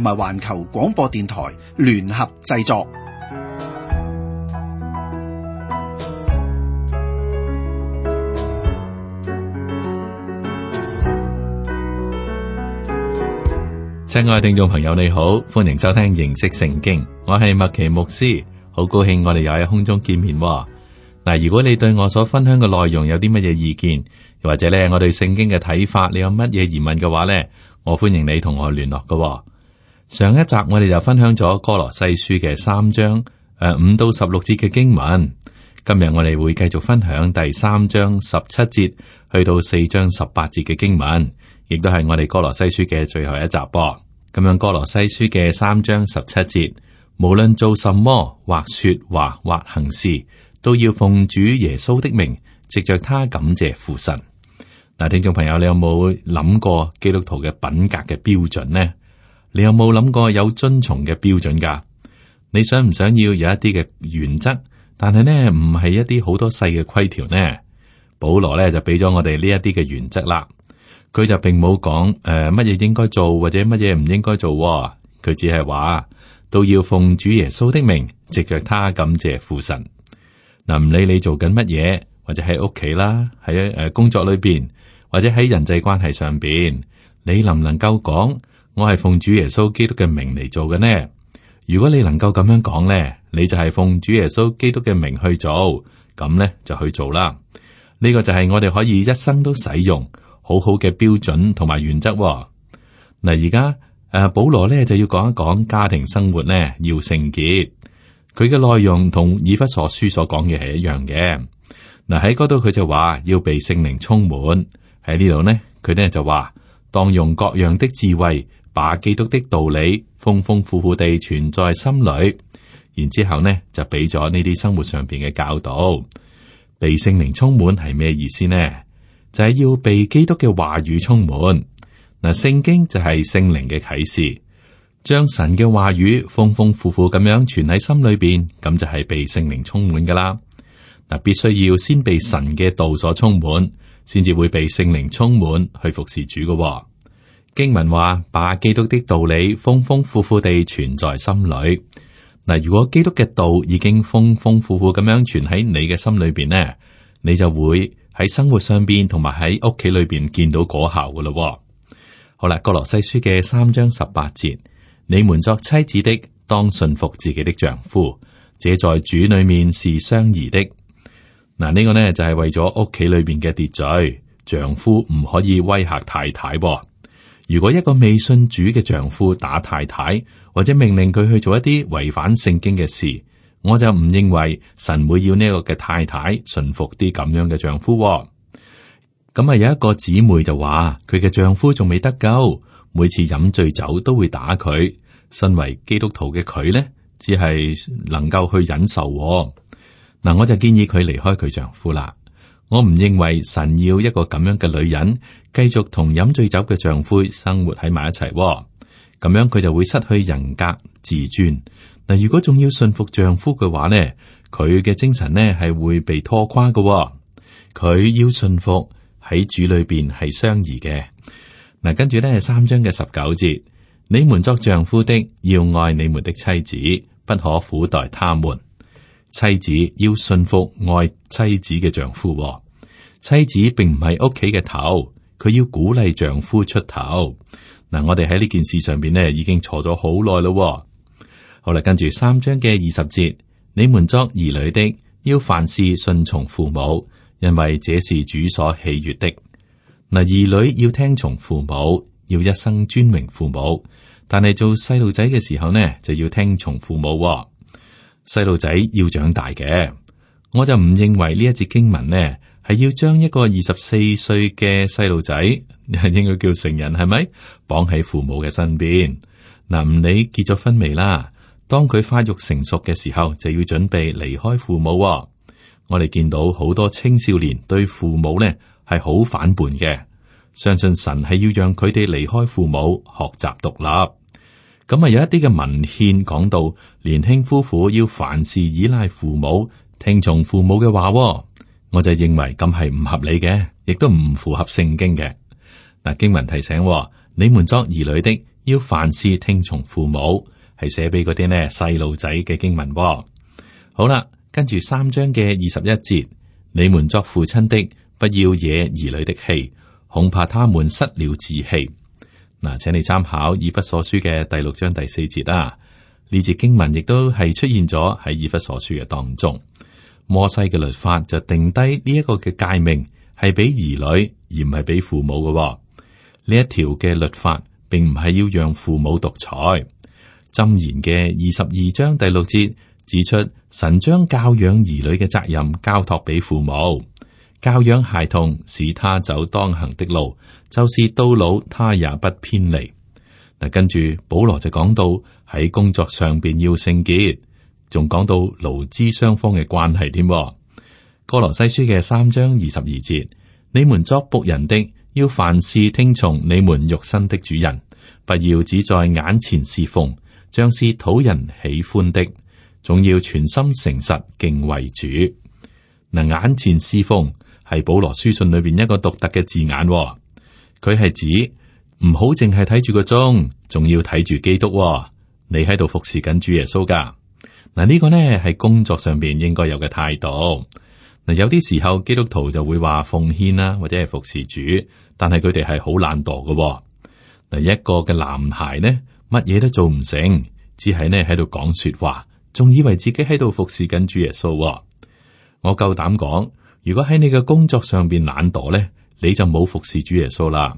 同埋環球廣播電台聯合製作。親愛的聽眾朋友，你好，歡迎收聽《認識聖經》。我係麥奇牧師，好高興我哋又喺空中見面。嗱，如果你對我所分享嘅內容有啲乜嘢意見，又或者咧我對聖經嘅睇法，你有乜嘢疑問嘅話咧，我歡迎你同我聯絡㗎。上一集我哋就分享咗哥羅西書嘅三章誒五、呃、到十六節嘅經文，今日我哋會繼續分享第三章十七節去到四章十八節嘅經文，亦都係我哋哥羅西書嘅最後一集噃。噉樣，哥羅西書嘅三章十七節，無論做什麼或說話或行事，都要奉主耶穌的名，藉著他感謝父神。嗱，聽眾朋友，你有冇諗過基督徒嘅品格嘅標準呢？你有冇諗過有遵從嘅標準㗎？你想唔想要有一啲嘅原則？但係呢，唔係一啲好多細嘅規條呢？保羅咧就俾咗我哋呢一啲嘅原則啦。佢就並冇講誒乜嘢應該做或者乜嘢唔應該做，哦。佢只係話都要奉主耶穌的名，藉着他感謝父神。嗱、嗯、唔理你做緊乜嘢，或者喺屋企啦，喺誒工作裏邊，或者喺人際關係上邊，你能唔能夠講？我係奉主耶穌基督嘅名嚟做嘅呢。如果你能夠咁樣講呢，你就係奉主耶穌基督嘅名去做，咁呢就去做啦。呢個就係我哋可以一生都使用好好嘅標準同埋原則、哦。嗱、啊，而家誒保羅呢就要講一講家庭生活呢要聖潔。佢嘅內容同以弗所書所講嘅係一樣嘅。嗱，喺嗰度佢就話要被聖靈充滿。喺呢度呢佢呢就話當用各樣的智慧。把基督的道理豐豐富富地存在心裏，然之後呢就俾咗呢啲生活上邊嘅教導。被聖靈充滿係咩意思呢？就係要被基督嘅話語充滿。嗱，聖經就係聖靈嘅啟示，將神嘅話語豐豐富富咁樣存喺心裏邊，咁就係被聖靈充滿噶啦。嗱，必須要先被神嘅道所充滿，先至會被聖靈充滿去服侍主嘅。經文話，把基督的道理豐豐富富地存在心裏。嗱，如果基督嘅道已經豐豐富富咁樣存喺你嘅心裏邊呢，你就會喺生活上邊同埋喺屋企裏邊見到果效噶啦。好啦，《哥羅西書》嘅三章十八節，你們作妻子的，當順服自己的丈夫，這在主裏面是相宜的。嗱，呢個呢就係為咗屋企裏邊嘅秩序，丈夫唔可以威嚇太太。如果一個未信主嘅丈夫打太太，或者命令佢去做一啲違反聖經嘅事，我就唔認為神會要呢個嘅太太順服啲咁樣嘅丈夫。咁啊，有一個姊妹就話佢嘅丈夫仲未得救，每次飲醉酒都會打佢。身為基督徒嘅佢呢，只係能夠去忍受。嗱，我就建議佢離開佢丈夫啦。我唔認為神要一個咁樣嘅女人，繼續同飲醉酒嘅丈夫生活喺埋一齊，咁樣佢就會失去人格自尊。嗱，如果仲要信服丈夫嘅話呢，佢嘅精神呢係會被拖垮嘅。佢要信服喺主裏邊係相宜嘅嗱。跟住咧，三章嘅十九節，你們作丈夫的，要愛你們的妻子，不可苦待他們；妻子要信服愛妻子嘅丈夫。妻子並唔係屋企嘅頭。佢要鼓勵丈夫出頭嗱，我哋喺呢件事上邊呢已經坐咗好耐咯。好啦，跟住三章嘅二十節，你們作兒女的要凡事順從父母，因為這是主所喜悦的。嗱，兒女要聽從父母，要一生尊榮父母。但係做細路仔嘅時候呢，就要聽從父母喎。細路仔要長大嘅，我就唔認為呢一節經文呢。係要將一個二十四歲嘅細路仔，應該叫成人，係咪綁喺父母嘅身邊？嗱，唔理結咗婚未啦。當佢發育成熟嘅時候，就要準備離開父母。我哋見到好多青少年對父母呢係好反叛嘅。相信神係要讓佢哋離開父母，學習獨立。咁啊，有一啲嘅文獻講到，年輕夫婦要凡事依賴父母，聽從父母嘅話。我就認為咁係唔合理嘅，亦都唔符合聖經嘅。嗱，經文提醒，你們作兒女的要凡事聽從父母，係寫俾嗰啲咧細路仔嘅經文。好啦，跟住三章嘅二十一節，你們作父親的不要惹兒女的氣，恐怕他們失了志氣。嗱，請你參考以弗所書嘅第六章第四節啦，呢節經文亦都係出現咗喺以弗所書嘅當中。摩西嘅律法就定低呢一個嘅誡命，係俾兒女而唔係俾父母嘅，哦。呢一條嘅律法，並唔係要讓父母獨裁。箴言嘅二十二章第六節指出，神將教養兒女嘅責任交託俾父母，教養孩童，使他走當行的路，就是到老，他也不偏離。嗱，跟住保羅就講到喺工作上邊要聖潔。仲講到勞資雙方嘅關係添。哥羅西書嘅三章二十二節，你們作僕人的,要凡事聽從你們肉身的主人，不要只在眼前侍奉，像是討人喜歡的，總要全心誠實敬為主。嗱，眼前侍奉係保羅書信裏邊一個獨特嘅字眼，佢係指唔好淨係睇住個鐘，仲要睇住基督。你喺度服侍緊主耶穌噶。嗱，呢個呢係工作上邊應該有嘅態度。嗱，有啲時候基督徒就會話奉獻啦，或者係服侍主，但係佢哋係好懶惰嘅。嗱，一個嘅男孩呢，乜嘢都做唔成，只係呢喺度講說話，仲以為自己喺度服侍緊主耶穌。我夠膽講，如果喺你嘅工作上邊懶惰咧，你就冇服侍主耶穌啦。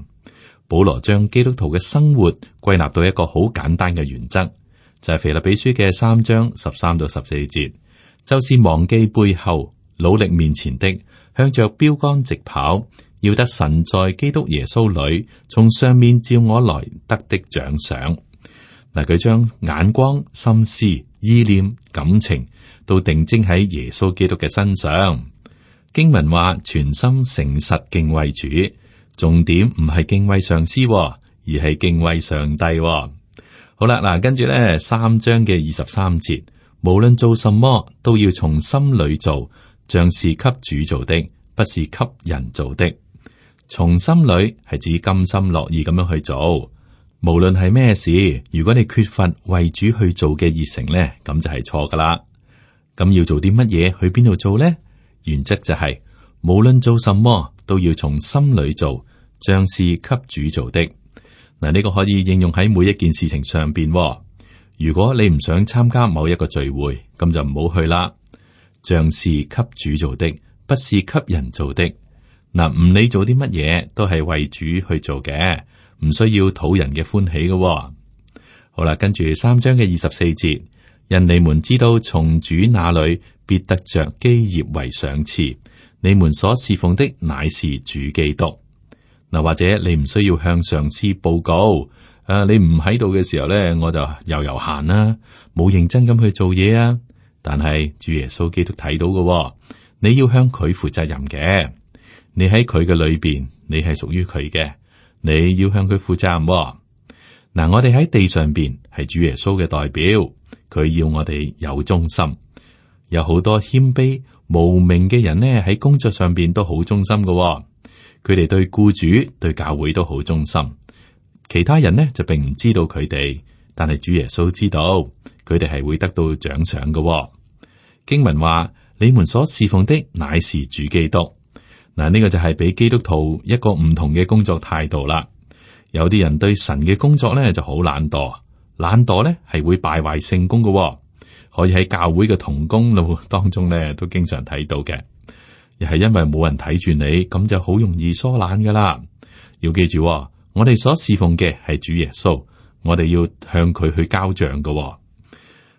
保羅將基督徒嘅生活歸納到一個好簡單嘅原則。就係腓立比書嘅三章十三到十四節，就是忘記背後，努力面前的，向着標杆直跑，要得神在基督耶穌裏從上面照我來得的獎賞。嗱，佢將眼光、心思、意念、感情都定睛喺耶穌基督嘅身上。經文話全心誠實敬畏主，重點唔係敬畏上司，而係敬畏上帝。好啦，嗱，跟住咧，三章嘅二十三節，無論做什麼都要從心裏做，像是給主做的，不是給人做的。從心裏係指甘心樂意咁樣去做，無論係咩事，如果你缺乏為主去做嘅熱誠咧，咁就係錯噶啦。咁要做啲乜嘢去邊度做咧？原則就係，無論做什麼都要從心裏做，像是給主做的。嗱，呢個可以應用喺每一件事情上邊，哦。如果你唔想參加某一個聚會，咁就唔好去啦。像是給主做的，不是給人做的。嗱，唔理做啲乜嘢，都係為主去做嘅，唔需要討人嘅歡喜嘅，哦。好啦，跟住三章嘅二十四節，因你們知道，從主那裏必得着基業為賞賜，你們所侍奉的乃是主基督。嗱，或者你唔需要向上司報告，啊，你唔喺度嘅時候咧，我就悠悠閒啦，冇認真咁去做嘢啊。但係主耶穌基督睇到嘅，你要向佢負責任嘅。你喺佢嘅裏邊，你係屬於佢嘅，你要向佢負責任。嗱，我哋喺地上邊係主耶穌嘅代表，佢要我哋有忠心，有好多謙卑無名嘅人咧，喺工作上邊都好忠心噶。佢哋對雇主、對教會都好忠心，其他人呢就並唔知道佢哋，但係主耶穌知道，佢哋係會得到獎賞嘅。經文話：你們所侍奉的乃是主基督。嗱，呢、啊呢個就係俾基督徒一個唔同嘅工作態度啦。有啲人對神嘅工作呢就好懶惰，懶惰呢係會敗壞聖工嘅，可以喺教會嘅同工路當中呢都經常睇到嘅。係因為冇人睇住你，咁就好容易疏懶噶啦。要記住、哦，我哋所侍奉嘅係主耶穌，我哋要向佢去交賬嘅、哦。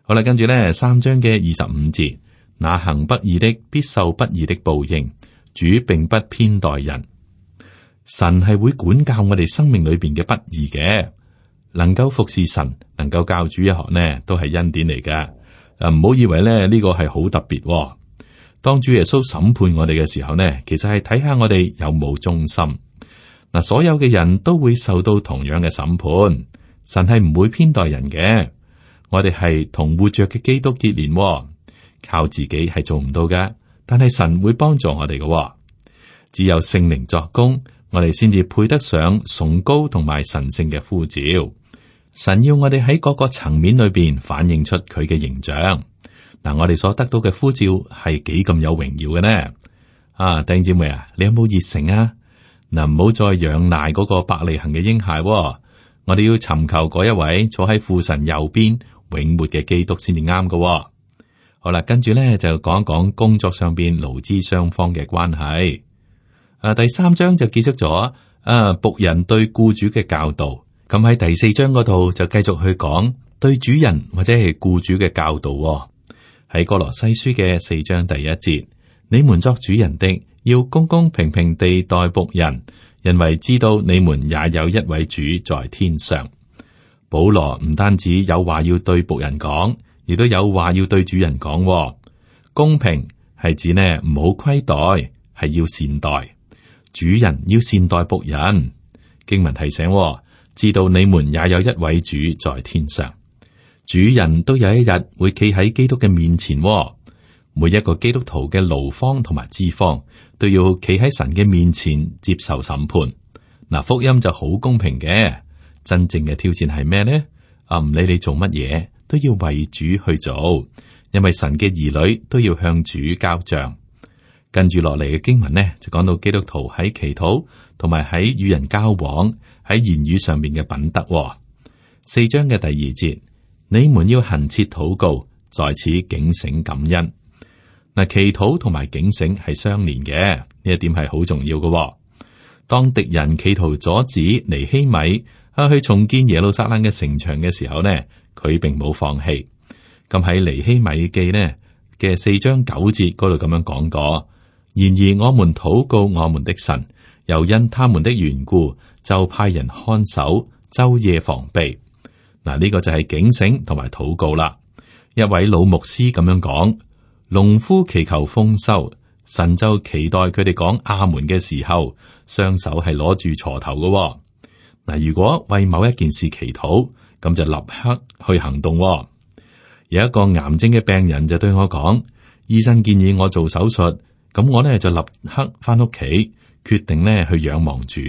好啦，跟住咧三章嘅二十五節，那行不義的必受不義的報應。主並不偏待人，神係會管教我哋生命裏邊嘅不義嘅。能夠服侍神，能夠教主日學呢，都係恩典嚟噶。誒、啊，唔好以為咧呢個係好特別、哦。當主耶穌審判我哋嘅時候呢，其實係睇下我哋有冇忠心。嗱，所有嘅人都會受到同樣嘅審判，神係唔會偏待人嘅。我哋係同活着嘅基督結連、哦，靠自己係做唔到嘅。但係神會幫助我哋嘅、哦。只有聖靈作工，我哋先至配得上崇高同埋神聖嘅呼召。神要我哋喺各個層面裏邊反映出佢嘅形象。嗱，我哋所得到嘅呼召，係幾咁有榮耀嘅呢？啊，丁姐妹啊，你有冇熱誠啊？嗱、啊，唔好再養賴嗰個伯利恒嘅嬰孩、啊，我哋要尋求嗰一位坐喺父神右邊永活嘅基督先至啱嘅。好啦，跟住咧就講一講工作上邊勞資雙方嘅關係。誒、啊，第三章就結束咗，啊，僕人對僱主嘅教導，咁喺第四章嗰度就繼續去講對主人或者係僱主嘅教導。喺《歌羅西書》嘅四章第一節，你們作主人的，要公公平平地待僕人，因為知道你們也有一位主在天上。保羅唔單止有話要對僕人講，亦都有話要對主人講。公平係指呢，唔好虧待，係要善待主人，要善待僕人。經文提醒，知道你們也有一位主在天上。主人都有一日會企喺基督嘅面前、哦，每一個基督徒嘅勞方同埋資方都要企喺神嘅面前接受審判。嗱、啊，福音就好公平嘅。真正嘅挑戰係咩咧？啊，唔理你做乜嘢都要為主去做，因為神嘅兒女都要向主交賬。跟住落嚟嘅經文呢，就講到基督徒喺祈禱同埋喺與人交往喺言語上面嘅品德、哦。四章嘅第二節。你們要恒切禱告，在此警醒感恩。嗱，祈禱同埋警醒係相連嘅，呢一點係好重要嘅、哦。當敵人企圖阻，阻止尼希米啊去重建耶路撒冷嘅城牆嘅時候呢，佢並冇放棄。咁喺尼希米記呢嘅四章九節嗰度咁樣講過。然而，我們禱告我們的神，又因他們的緣故，就派人看守，晝夜防備。嗱，呢個就係警醒同埋禱告啦。一位老牧師咁樣講：農夫祈求豐收，神就期待佢哋講阿門嘅時候，雙手係攞住鋤頭噶。嗱，如果為某一件事祈禱，咁就立刻去行動哦。有一個癌症嘅病人就對我講：醫生建議我做手術，咁我呢就立刻翻屋企，決定呢去仰望主。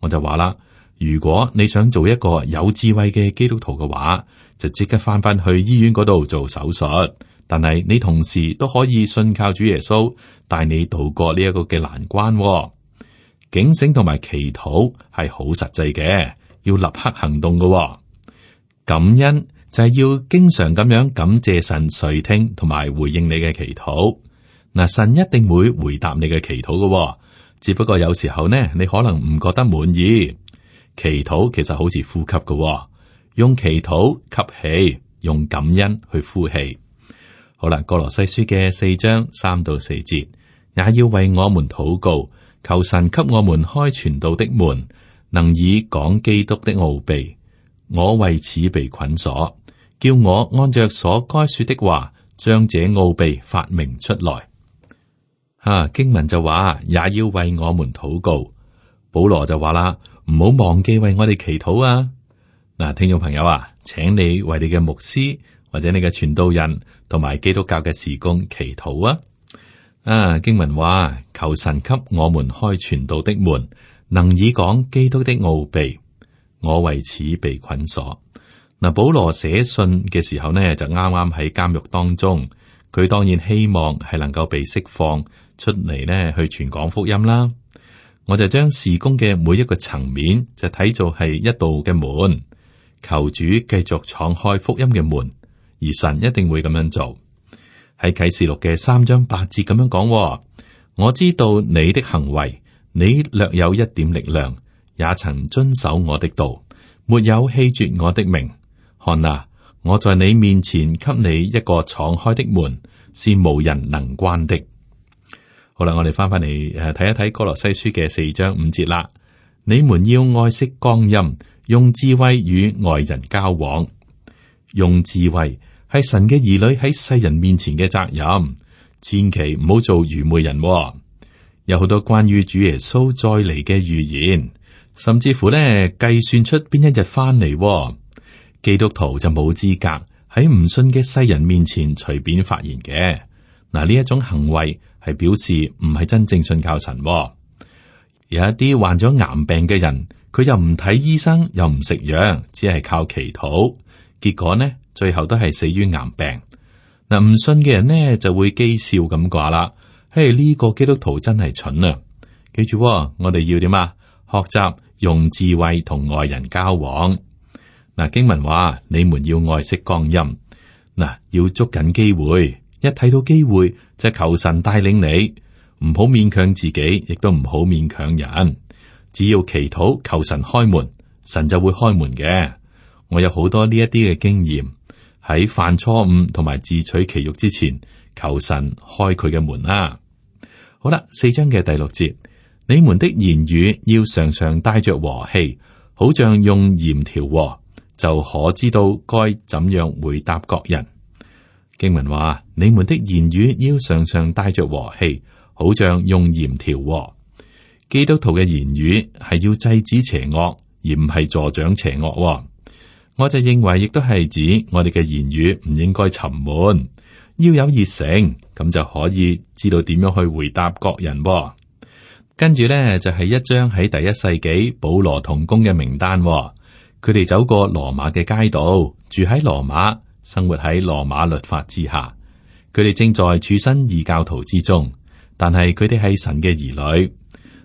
我就話啦。如果你想做一個有智慧嘅基督徒嘅話，就即刻翻翻去醫院嗰度做手術。但係你同時都可以信靠主耶穌帶你渡過呢一個嘅難關、哦。警醒同埋祈禱係好實際嘅，要立刻行動嘅、哦。感恩就係要經常咁樣感謝神垂聽，同埋回應你嘅祈禱。嗱，神一定會回答你嘅祈禱嘅、哦，只不過有時候呢，你可能唔覺得滿意。祈禱其實好似呼吸嘅，哦，用祈禱吸氣，用感恩去呼氣。好啦，《歌羅西書》嘅四章三到四節，也要為我們禱告，求神給我們開傳道的門，能以講基督的奧秘。我為此被捆鎖，叫我按着所該說的話，將這奧秘發明出來。啊，經文就話，也要為我們禱告。保羅就話啦。唔好忘記為我哋祈禱啊！嗱，聽眾朋友啊，請你為你嘅牧師或者你嘅傳道人同埋基督教嘅事工祈禱啊！啊，經文話，求神給我們開傳道的門，能以講基督的奧秘。我為此被捆鎖。嗱、啊，保羅寫信嘅時候呢，就啱啱喺監獄當中，佢當然希望係能夠被釋放出嚟，呢，去傳講福音啦。我就將事工嘅每一個層面就睇做係一道嘅門，求主繼續敞開福音嘅門，而神一定會咁樣做。喺啟示錄嘅三章八節咁樣講，哦,我知道你的行為，你略有一點力量，也曾遵守我的道，沒有棄絕我的名。看啊，我在你面前給你一個敞開的門，是無人能關的。好啦，我哋翻翻嚟，誒，睇一睇《歌羅西書》嘅四章五節啦。你們要愛惜光陰，用智慧與外人交往。用智慧係神嘅兒女喺世人面前嘅責任，千祈唔好做愚昧人喎。有好多關於主耶穌再嚟嘅預言，甚至乎呢計算出邊一日翻嚟喎。基督徒就冇資格喺唔信嘅世人面前隨便發言嘅。嗱，呢一種行為。係表示唔係真正信靠神、哦。有一啲患咗癌病嘅人，佢又唔睇醫生，又唔食藥，只係靠祈禱，結果呢，最後都係死於癌病。嗱、呃，唔信嘅人呢，就會譏笑咁話啦：，嘿，呢、這個基督徒真係蠢啊！記住、哦，我哋要點啊？學習用智慧同外人交往。嗱、呃，經文話：你們要愛惜光陰，嗱、呃，要捉緊機會，一睇到機會。即係求神帶領你，唔好勉強自己，亦都唔好勉強人。只要祈禱求,求神開門，神就會開門嘅。我有好多呢一啲嘅經驗喺犯錯誤同埋自取其辱之前，求神開佢嘅門啦，啊。好啦，四章嘅第六節，你們的言語要常常帶着和氣，好像用鹽調和，就可知道該怎樣回答各人。經文話。你們的言語要常常帶着和氣，好像用鹽調和。基督徒嘅言語係要制止邪惡，而唔係助長邪惡，哦。我就認為，亦都係指我哋嘅言語唔應該沉悶，要有熱誠，咁就可以知道點樣去回答各人，哦。跟住呢，就係、是、一張喺第一世紀保羅同工嘅名單，哦，佢哋走過羅馬嘅街道，住喺羅馬，生活喺羅馬律法之下。佢哋正在處身異教徒之中，但係佢哋係神嘅兒女。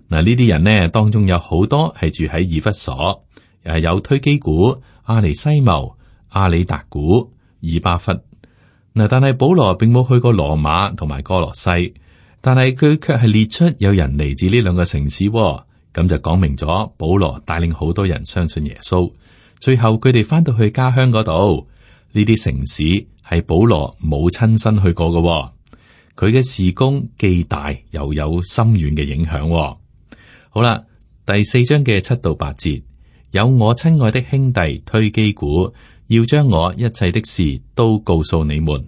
嗱，呢啲人呢，當中有好多係住喺以弗所，又係有推基古、阿尼西謀、阿里達古、以巴弗。嗱，但係保羅並冇去過羅馬同埋哥羅西，但係佢卻係列出有人嚟自呢兩個城市。咁就講明咗保羅帶領好多人相信耶穌。最後佢哋翻到去家鄉嗰度，呢啲城市。係保羅冇親身去過嘅、哦，佢嘅事工既大又有深遠嘅影響、哦。好啦，第四章嘅七到八節，有我親愛的兄弟推基古，要將我一切的事都告訴你們，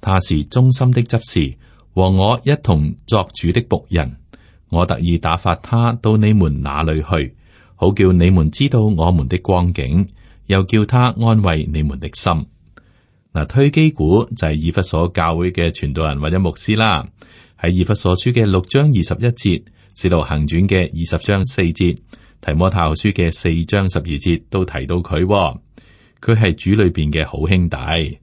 他是忠心的執事，和我一同作主的僕人，我特意打發他到你們那裏去，好叫你們知道我們的光景，又叫他安慰你們的心。推基古就係以弗所教會嘅傳道人或者牧師啦，喺以弗所書嘅六章二十一節，使徒行傳嘅二十章四節，提摩太書嘅四章十二節都提到佢、哦，佢係主裏邊嘅好兄弟。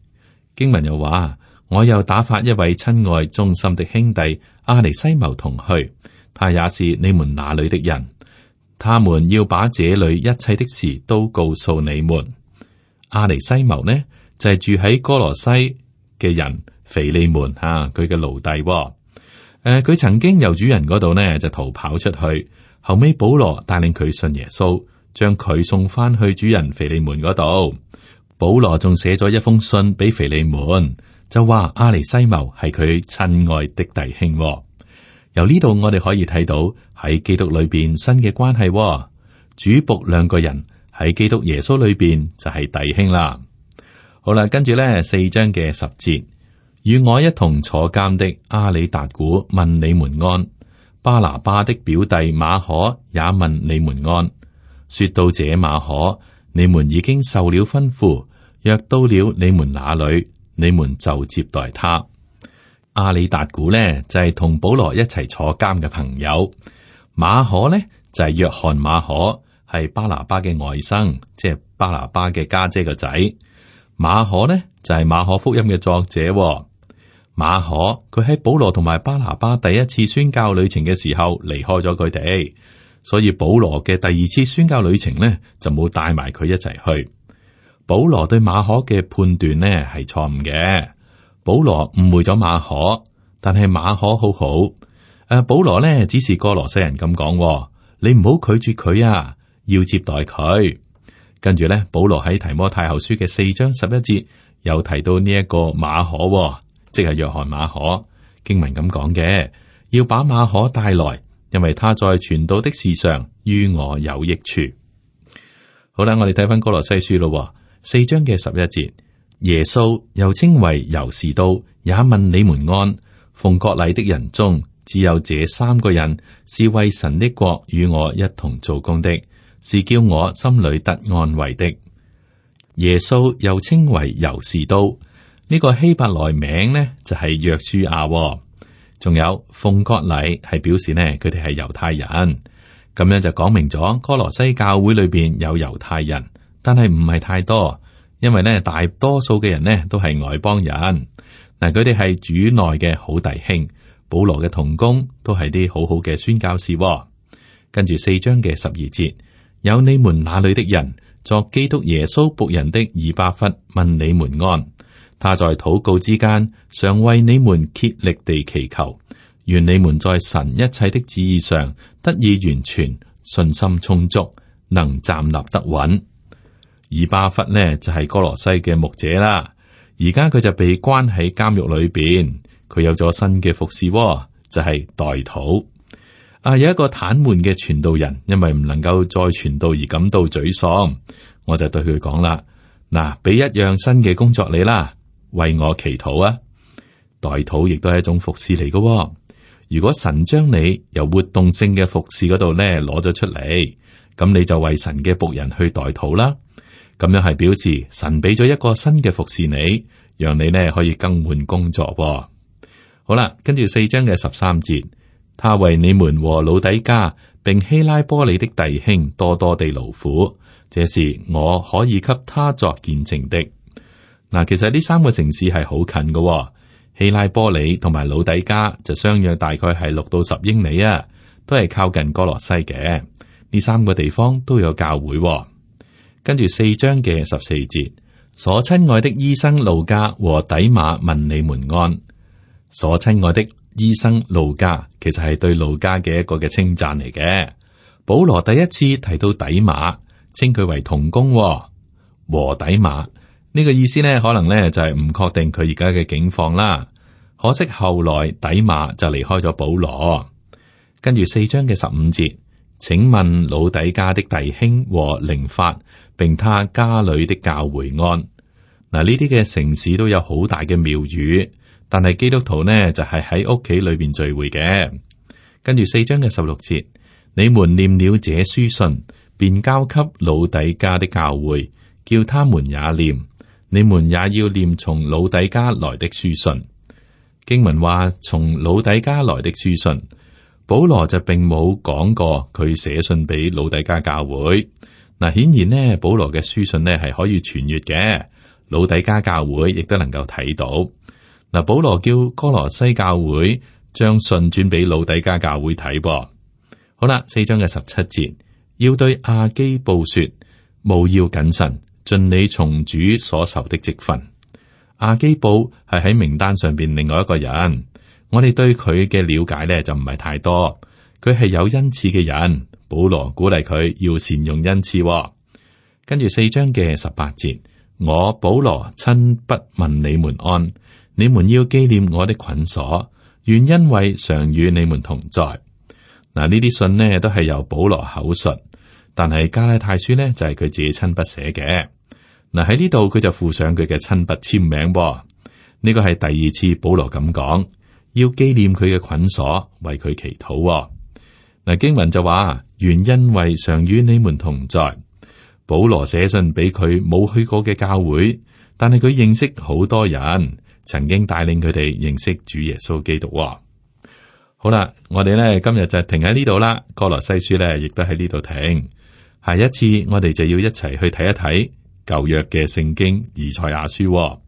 經文又話：我又打發一位親愛忠心的兄弟阿尼西謀同去，他也是你們那裏的人，他們要把這裏一切的事都告訴你們。阿尼西謀呢？就係住喺哥羅西嘅人腓利門吓，佢嘅奴隸。誒、呃，佢曾經由主人嗰度呢就逃跑出去，後尾保羅帶領佢信耶穌，將佢送翻去主人腓利門嗰度。保羅仲寫咗一封信俾腓利門，就話阿尼西謀係佢親愛的弟兄。由呢度我哋可以睇到喺基督裏邊新嘅關係，主僕兩個人喺基督耶穌裏邊就係弟兄啦。好啦，跟住咧，四章嘅十節，與我一同坐監的阿里達古問你們安，巴拿巴的表弟馬可也問你們安。說到這馬可，你們已經受了吩咐，若到了你們那裏，你們就接待他。阿里達古呢，就係同保羅一齊坐監嘅朋友，馬可呢，就係約翰馬可，係巴拿巴嘅外甥，即係巴拿巴嘅家姐個仔。馬可呢就係、是、馬可福音嘅作者、哦，馬可佢喺保羅同埋巴拿巴第一次宣教旅程嘅時候離開咗佢哋，所以保羅嘅第二次宣教旅程呢就冇帶埋佢一齊去。保羅對馬可嘅判斷呢係錯誤嘅，保羅誤會咗馬可，但係馬可好好。誒、啊，保羅呢只是歌羅西人咁講、哦，你唔好拒絕佢啊，要接待佢。跟住咧，保羅喺提摩太後書嘅四章十一節，又提到呢一個馬可、哦，即係約翰馬可經文咁講嘅，要把馬可帶來，因為他在傳道的事上於我有益處。好啦，我哋睇翻哥羅西書咯、哦，四章嘅十一節，耶穌又稱為猶士都，也問你們安。奉國禮的人中，只有這三個人是為神的國與我一同做工的。是叫我心裏得安慰的。耶穌又稱為猶士都，呢、這個希伯來名呢就係約書亞。仲有奉割禮，係表示呢佢哋係猶太人。咁樣就講明咗，歌羅西教會裏邊有猶太人，但係唔係太多，因為呢大多數嘅人呢都係外邦人。嗱，佢哋係主內嘅好弟兄，保羅嘅同工都係啲好好嘅宣教士。跟住四章嘅十二節。有你們那裏的人作基督耶穌僕人的以巴弗問你們安，他在禱告之間常為你們竭力地祈求，願你們在神一切的旨意上得以完全，信心充足，能站立得穩。以巴弗呢就係、是、哥羅西嘅牧者啦，而家佢就被關喺監獄裏邊，佢有咗新嘅服侍，哦，就係、是、代禱。啊，有一個癱瘓嘅傳道人，因為唔能夠再傳道而感到沮喪，我就對佢講啦：嗱，俾一樣新嘅工作你啦，為我祈禱啊！代禱亦都係一種服侍嚟嘅。哦。如果神將你由活動性嘅服侍嗰度咧攞咗出嚟，咁你就為神嘅僕人去代禱啦。咁樣係表示神俾咗一個新嘅服侍你，讓你呢可以更換工作。好啦，跟住四章嘅十三節。他為你們和老底嘉並希拉波立的弟兄多多地勞苦，這是我可以給他作見證的。嗱，其實呢三個城市係好近噶，希拉波立同埋老底嘉就相約大概係六到十英里啊，都係靠近哥羅西嘅。呢三個地方都有教會，哦。跟住四章嘅十四節，所親愛的醫生路加和底馬問你們安，所親愛的。醫生路加其實係對路加嘅一個嘅稱讚嚟嘅。保羅第一次提到底馬，稱佢為同工、哦、和底馬呢、這個意思呢，可能呢就係唔確定佢而家嘅境況啦。可惜後來底馬就離開咗保羅。跟住四章嘅十五節，請問老底嘉的弟兄和寧法，並他家裏的教會安。嗱，呢啲嘅城市都有好大嘅廟宇。但係基督徒呢，就係喺屋企裏邊聚會嘅。跟住四章嘅十六節，你們念了這書信，便交給老底家的教會，叫他們也念。你們也要念從老底家來的書信。經文話從老底家來的書信，保羅就並冇講過佢寫信俾老底家教會。嗱，顯然呢，保羅嘅書信呢係可以傳閱嘅，老底家教會亦都能夠睇到。嗱，保羅叫哥羅西教會將信轉俾老底加教會睇噃。好啦，四章嘅十七節，要對阿基布說，務要謹慎，盡你從主所受的職分。阿基布係喺名單上邊另外一個人，我哋對佢嘅了解呢就唔係太多。佢係有恩賜嘅人，保羅鼓勵佢要善用恩賜哦。跟住四章嘅十八節，我保羅親筆問你們安。你們要紀念我的捆鎖，願恩惠常與你們同在。嗱，呢啲信呢都係由保羅口述，但係加拉太書呢就係佢自己親筆寫嘅。嗱，喺呢度佢就附上佢嘅親筆簽名。噉，呢個係第二次保羅咁講，要紀念佢嘅捆鎖，為佢祈禱。嗱，經文就話，願恩惠常與你們同在。保羅寫信俾佢冇去過嘅教會，但係佢認識好多人。曾經帶領佢哋認識主耶穌基督哦。好啦，我哋咧今日就停喺呢度啦，《哥羅西書》呢咧亦都喺呢度停。下一次我哋就要一齊去睇一睇舊約嘅聖經《以賽亞書》哦。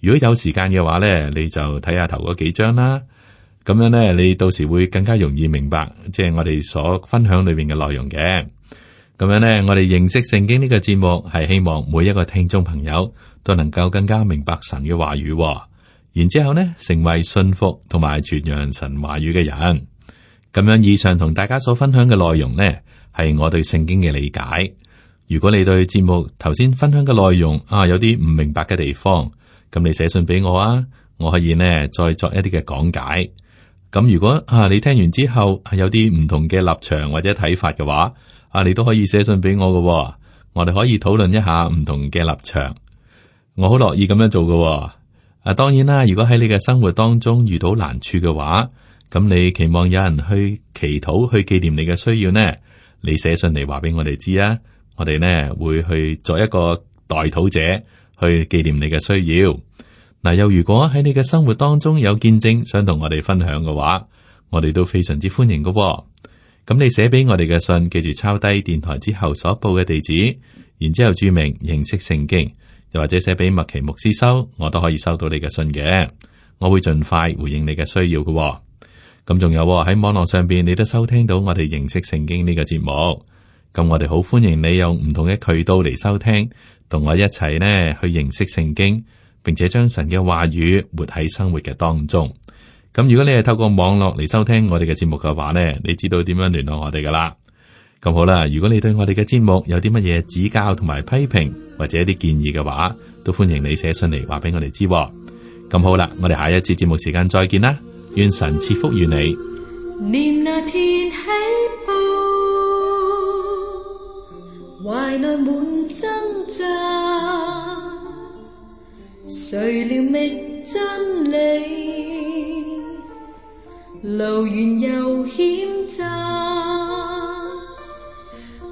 如果有時間嘅話咧，你就睇下頭嗰幾章啦。咁樣咧，你到時會更加容易明白，即係我哋所分享裏面嘅內容嘅。咁樣咧，我哋認識聖經呢個節目係希望每一個聽眾朋友都能夠更加明白神嘅話語哦。然之後呢，成為信服同埋傳揚神話語嘅人。咁樣以上同大家所分享嘅內容呢，係我對聖經嘅理解。如果你對節目頭先分享嘅內容啊，有啲唔明白嘅地方，咁你寫信俾我啊，我可以呢再作一啲嘅講解。咁如果啊，你聽完之後係有啲唔同嘅立場或者睇法嘅話，啊，你都可以寫信俾我㗎喎，我哋可以討論一下唔同嘅立場，我好樂意咁樣做㗎喎。嗱、啊，當然啦，如果喺你嘅生活當中遇到難處嘅話，咁你期望有人去祈禱、去紀念你嘅需要呢？你寫信嚟話俾我哋知啊，我哋呢會去作一個代禱者去紀念你嘅需要。嗱、啊，又如果喺你嘅生活當中有見證想同我哋分享嘅話，我哋都非常之歡迎嘅、哦。咁你寫俾我哋嘅信，記住抄低電台之後所報嘅地址，然之後注明認識聖經。又或者寫俾麥奇牧師收，我都可以收到你嘅信嘅，我會盡快回應你嘅需要嘅。咁仲有喺網絡上邊，你都收聽到我哋認識聖經呢個節目。咁我哋好歡迎你用唔同嘅渠道嚟收聽，同我一齊呢去認識聖經，並且將神嘅話語活喺生活嘅當中。咁如果你係透過網絡嚟收聽我哋嘅節目嘅話呢，你知道點樣聯絡我哋噶啦。咁好啦，如果你對我哋嘅節目有啲乜嘢指教同埋批評，或者一啲建議嘅話，都歡迎你寫信嚟話俾我哋知。咁好啦，我哋下一次節目時間再見啦，願神賜福於你。念那天起步，懷內滿掙扎，誰料覓真理？路緣又險詐